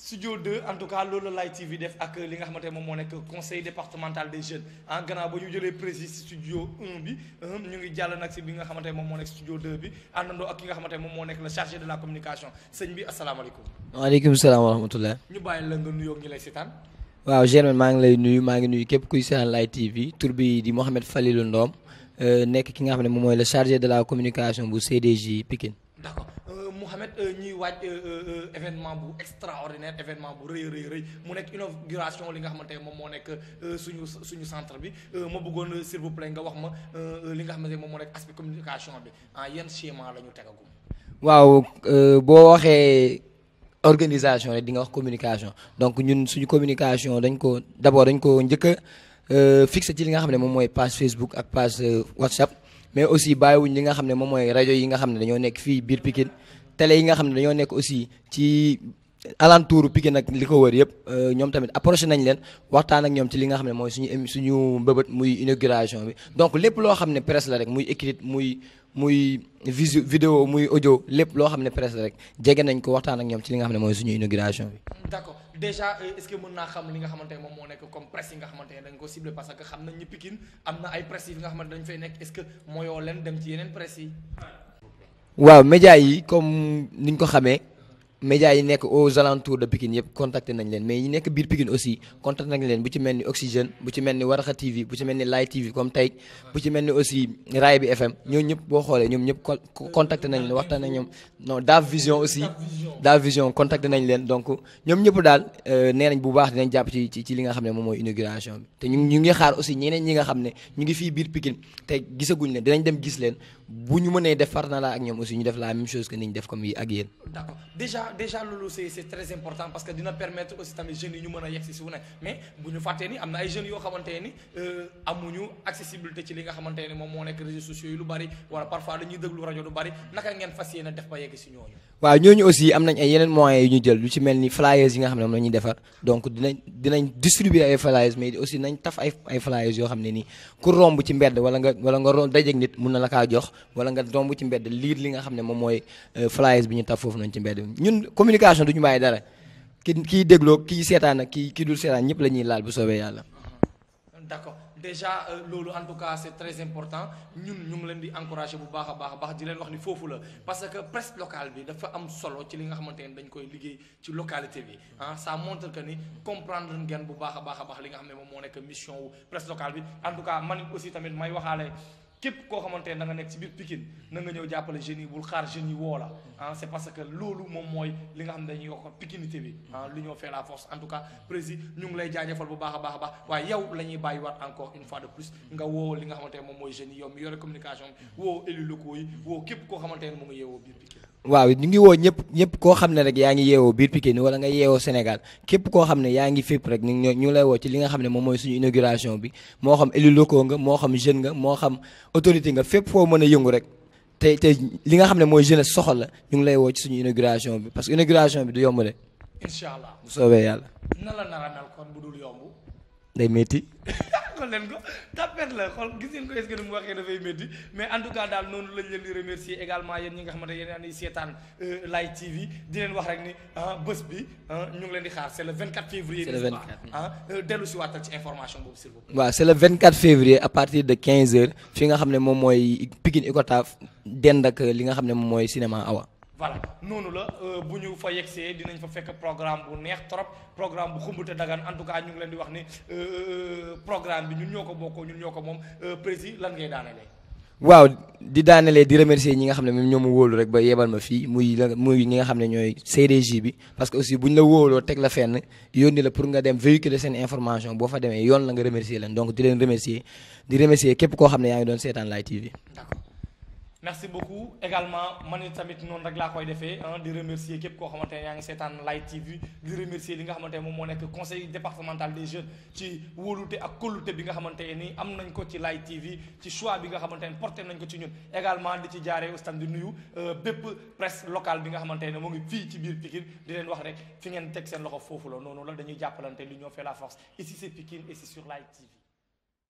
studio 2 en tout cas loolu la Light TV def ak li nga xamante moom moo nekk conseil départemental des jeunes ah gannaaw ba ñu jëlee président studio 1 bi ñu ngi jàll nag si bi nga xamante moom moo nekk studio 2 bi àndandoo ak moom moo nekk le chargé de la communication sëñ bi asalaamaaleykum. waaleykum la waaw Germaine maa ngi lay nuyu maa ngi nuyu képp kuy seetaan Light TV tur bi di Mouhamed Falilou Ndom euh, nekk ki nga xam ne moom mooy le chargé de la communication bu CDJ Pikine. Mouhamed euh, ñuy waaj euh, euh, événement bu extraordinaire événement bu rëy rëy rëy mu nekk inauguration li nga xamante ne moom moo nekk suñu suñu centre bi ma bëggoon s'il vous nga wax ma li nga xamante ne moom moo nekk aspect communication bi en ah, yan schéma la ñu tegagum. waaw boo waxee organisation rek di nga wax communication donc ñun suñu communication dañ ko d'abord dañ ko njëkk a fixé ci li nga xam ne moom mooy page Facebook ak page WhatsApp mais aussi bàyyiwuñ li nga xam ne moom mooy rajo yi nga xam ne dañoo nekk fii biir Pikine télé yi nga xam ne dañoo nekk aussi ci alentour Pikine nag li ko wër yëpp euh, ñoom tamit approché nañ leen waxtaan ak ñoom ci li nga xam ne mooy suñu suñu mbëbët muy inauguration bi donc lépp loo xam ne presse la rek muy écrite muy muy visu vidéo muy audio lépp loo ne euh, est-ce que mën naa xam li nga xamante ne moom moo nekk comme presse yi nga xamante ne dañ ko ciblé parce que xam nañ ñu am na ay presse yi nga xamante dañ fay nekk est-ce que mooyoo leen dem ci yeneen presse yi. waaw média yi comme niñ ko xamee médias yi nekk aux alentours de Pikine yëpp contacté nañ leen mais yi nekk biir Pikine aussi contacté nañ leen bu ci mel ni Oxygène bu ci mel ni Warxa TV bu ci mel ni Lay TV comme tey bu ci mel ni aussi Raay bi FM ñoo ñëpp boo xoolee ñoom ñëpp contacté nañ leen nañ leen donc ñoom ñëpp daal euh, nee nañ bu baax dinañ jàpp ci ci li nga xam ne moom mooy inauguration bi te ñu ñu ngi xaar aussi ñeneen ñi nga xam ne ñu ngi fii biir Pikine te gisaguñ leen dinañ dem gis leen bu ñu mënee def partenariat ak ñoom aussi ñu def la même chose que niñ def comme yi ak yéen déjà déjà loolu c'est c'est très important parce a yegg si ne euh, moom moo nekk réseaux sociaux yi lu bari wala parfois dañuy déglu rajo lu bari naka ngeen nañ ay yeneen moyens yu ñu ci mel ni flyers yi nga xam ne moom la defar donc dinañ distribuer ay flyers mais aussi nañ taf ay ay yoo xam ne nii ku romb ci mbedd wala nga wala nga nit mun na la kaa jox wala nga romb ci mbedd liir li nga xam ne moom mooy euh, flyers bi ñu taf foofu noonu ci mbedd ñun ñun communication du ñu bàyyi dara ki kii dégloo kii seetaan ak kii kii dul seetaan ñëpp la ñuy laal bu soobee yàlla. d'accord déjà euh, loolu en tout cas c'est très important ñun ñu ngi leen di encourager bu baax a baax a baax di leen wax ni foofu la parce que presse locale bi dafa am solo ci li nga xamante ne dañ koy liggéey ci localité bi ah ça montre que ni comprendre ngeen bu baax a baax a baax li nga xam ne moom moo nekk mission wu presse bi en tout cas man aussi tamit may waxaale. képp koo xamante ne nga nekk ci biir Pikine na nga ñëw jàppale jeunes yi bul xaar jeunes yi woo la mm. ah, c'est parce que loolu moom mooy li nga xam ne dañuy yokk pikinité bi ah mm. lu ñoo la force en tout cas président ñu ngi lay jaajëfal bu baax a baax a baax mm. waaye yow la ñuy bàyyiwaat encore une fois de plus nga woo li nga xamante moom mooy jeunes yi yow mi yore communication woo élus woo képp koo xamante ne mu ngi yeewoo biir Pikine waaw ñu ngi woo ñëpp ñëpp koo xam ne rek yaa ngi yeewoo biir Pikine wala nga yeewoo Sénégal képp koo xam ne yaa ngi fépp rek ñu ñu lay woo ci li nga xam ne moom mooy suñu inauguration bi moo xam élu locaux nga moo xam jeune nga moo xam autorité nga fépp foo mën a yëngu rek te te li nga xam ne mooy jeunesse soxal la ñu ngi lay woo ci suñu inauguration bi parce que inauguration bi du yomb de. incha allah bu soobee yàlla. na la nar a mel kon bu dul yomb. day métti. xool leen ko tapet la xool gis ngeen ko est-ce dafay métti mais en tout cas daal noonu lañ leen di remercier également yéen ñi nga xamante yéen a ngi seetaan euh, Live TV di leen wax rek ni ah bés bi ah, ñu ngi leen di xaar c'est le 24 février. c'est le 24 ah, euh, dellu si waatal ci information waa s'il vous plaît. waaw février à partir de 15 heures fi nga xam ne moom mooy Pikine Icotaf dend ak li nga xam ne moom mooy cinéma Awa. voilà noonu la euh, bu ñu fa yegsee dinañ fa fekk programme bu neex trop programme bu xumbute dagan en tout cas ñu ngi leen di wax ni euh, euh, programme bi ñun ñoo ko bokkoo ñu ñoo ko moom président lan ngay daanalee. waaw di daanelee di remercier ñi nga xam ne ñoo ma wóolu ba yebal ma fii muy la muy ñi ne ñooy CDJ bi parce que aussi bu ñu la wóoloo teg la fenn yónni la pour nga dem véhiculer seen information boo fa demee yoon la nga remercier leen donc di leen remercier di remercier képp koo xam ne yaa ngi doon seetaan Light TV. d'accord. merci beaucoup également man tamit noonu rek laa koy defee di remercier képp koo xamante ne yaa ngi seetaan Light TV di remercier li nga xamante ne moom moo nekk conseil départemental des jeunes ci wóolute ak kóllute bi nga xamante ne ni am nañ ko ci Light TV ci choix bi nga xamante ne porte nañ ko ci ñun également di ci jaaree ustan di nuyu euh, bépp presse locale bi nga xamante ne moo ngi fii ci biir Pikine di leen wax rek fi ngeen teg seen loxo foofu la noonu la dañuy jàppalante li ñoo fait la force ici c'est c'est